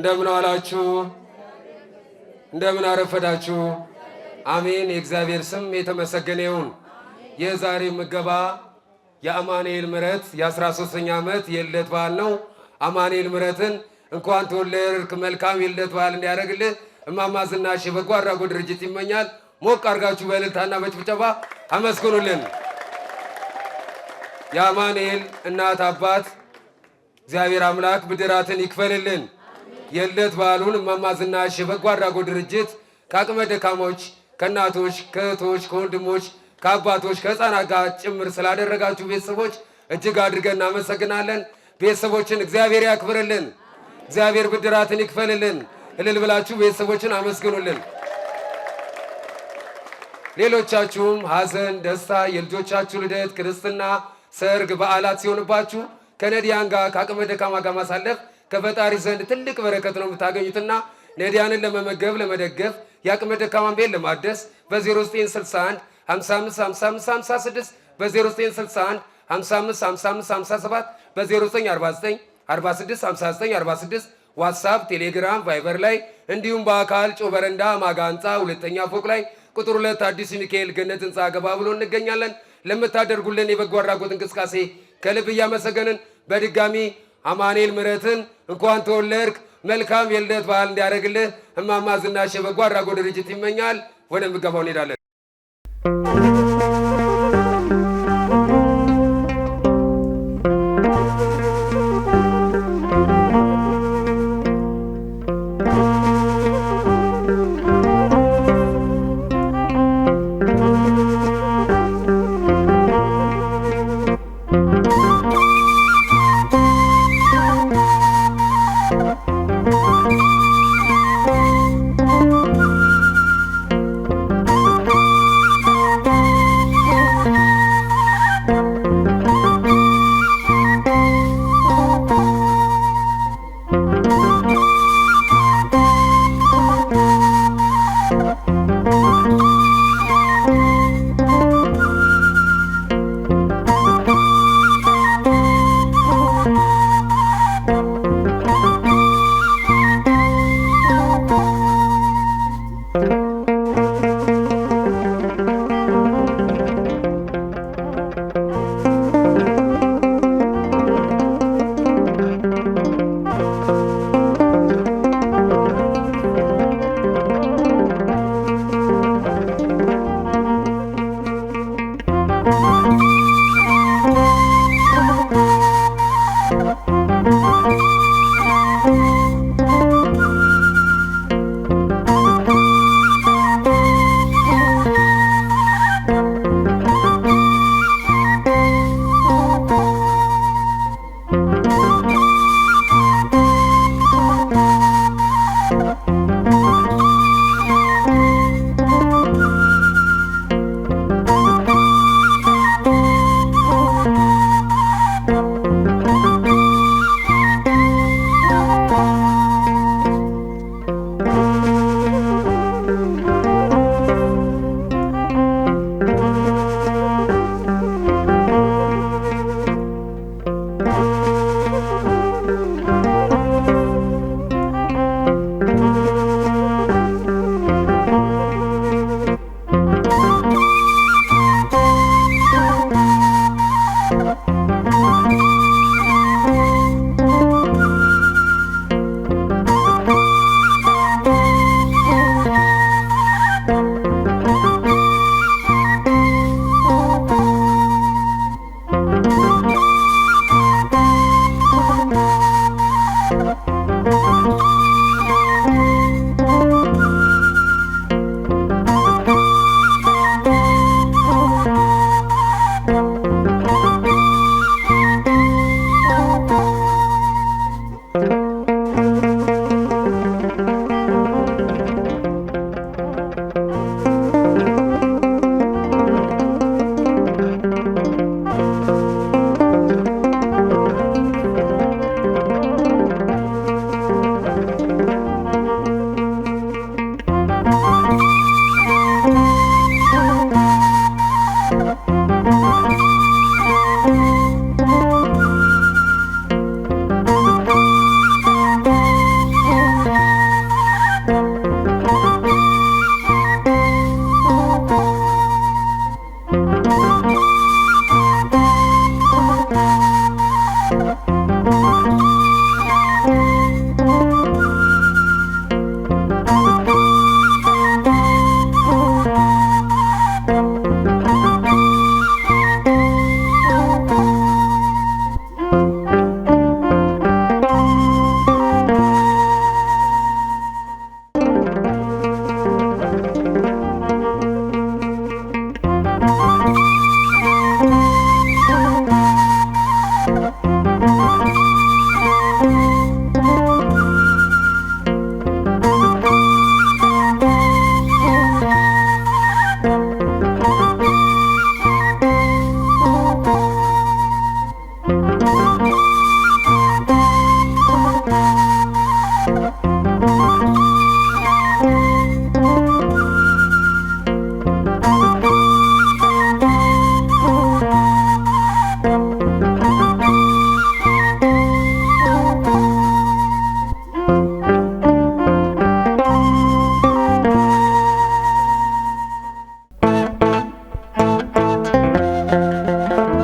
እንደምን ዋላችሁ? እንደምን አረፈዳችሁ? አሜን። የእግዚአብሔር ስም የተመሰገነ ይሁን። የዛሬ ምገባ የአማኑኤል ምረት የ13ኛ ዓመት የልደት በዓል ነው። አማኑኤል ምረትን እንኳን ተወለድክ መልካም የልደት በዓል እንዲያደርግልህ እማማ ዝናሽ በጎ አድራጎት ድርጅት ይመኛል። ሞቅ አድርጋችሁ በእልልታና በጭብጨባ አመስግኑልን። የአማኑኤል እናት አባት እግዚአብሔር አምላክ ብድራትን ይክፈልልን። የልደት በዓሉን እማማ ዝናሽ በጎ አድራጎት ድርጅት ከአቅመ ደካሞች፣ ከእናቶች፣ ከእህቶች፣ ከወንድሞች፣ ከአባቶች፣ ከህፃናት ጋር ጭምር ስላደረጋችሁ ቤተሰቦች እጅግ አድርገን እናመሰግናለን። ቤተሰቦችን እግዚአብሔር ያክብርልን፣ እግዚአብሔር ብድራትን ይክፈልልን። እልል ብላችሁ ቤተሰቦችን አመስግኑልን። ሌሎቻችሁም ሀዘን፣ ደስታ፣ የልጆቻችሁ ልደት፣ ክርስትና፣ ሰርግ፣ በዓላት ሲሆንባችሁ ከነዲያን ጋር ከአቅመ ደካማ ጋር ማሳለፍ ከፈጣሪ ዘንድ ትልቅ በረከት ነው የምታገኙትና ነዳያንን ለመመገብ ለመደገፍ፣ የአቅመ ደካማን ቤት ለማደስ በ0961 5556 በ0961 555557 በ0949 465946 ዋትሳፕ፣ ቴሌግራም፣ ቫይበር ላይ እንዲሁም በአካል ጮበረንዳ በረንዳ ማጋ ህንፃ ሁለተኛ ፎቅ ላይ ቁጥር ሁለት አዲስ ሚካኤል ገነት ህንፃ ገባ ብሎ እንገኛለን። ለምታደርጉልን የበጎ አድራጎት እንቅስቃሴ ከልብ እያመሰገንን በድጋሚ አማኔል ምረትን እንኳን ተወለድክ መልካም የልደት በዓል እንዲያደርግልህ እማማ ዝናሽ በጎ አድራጎት ድርጅት ይመኛል። ወደ ምገባው እንሄዳለን።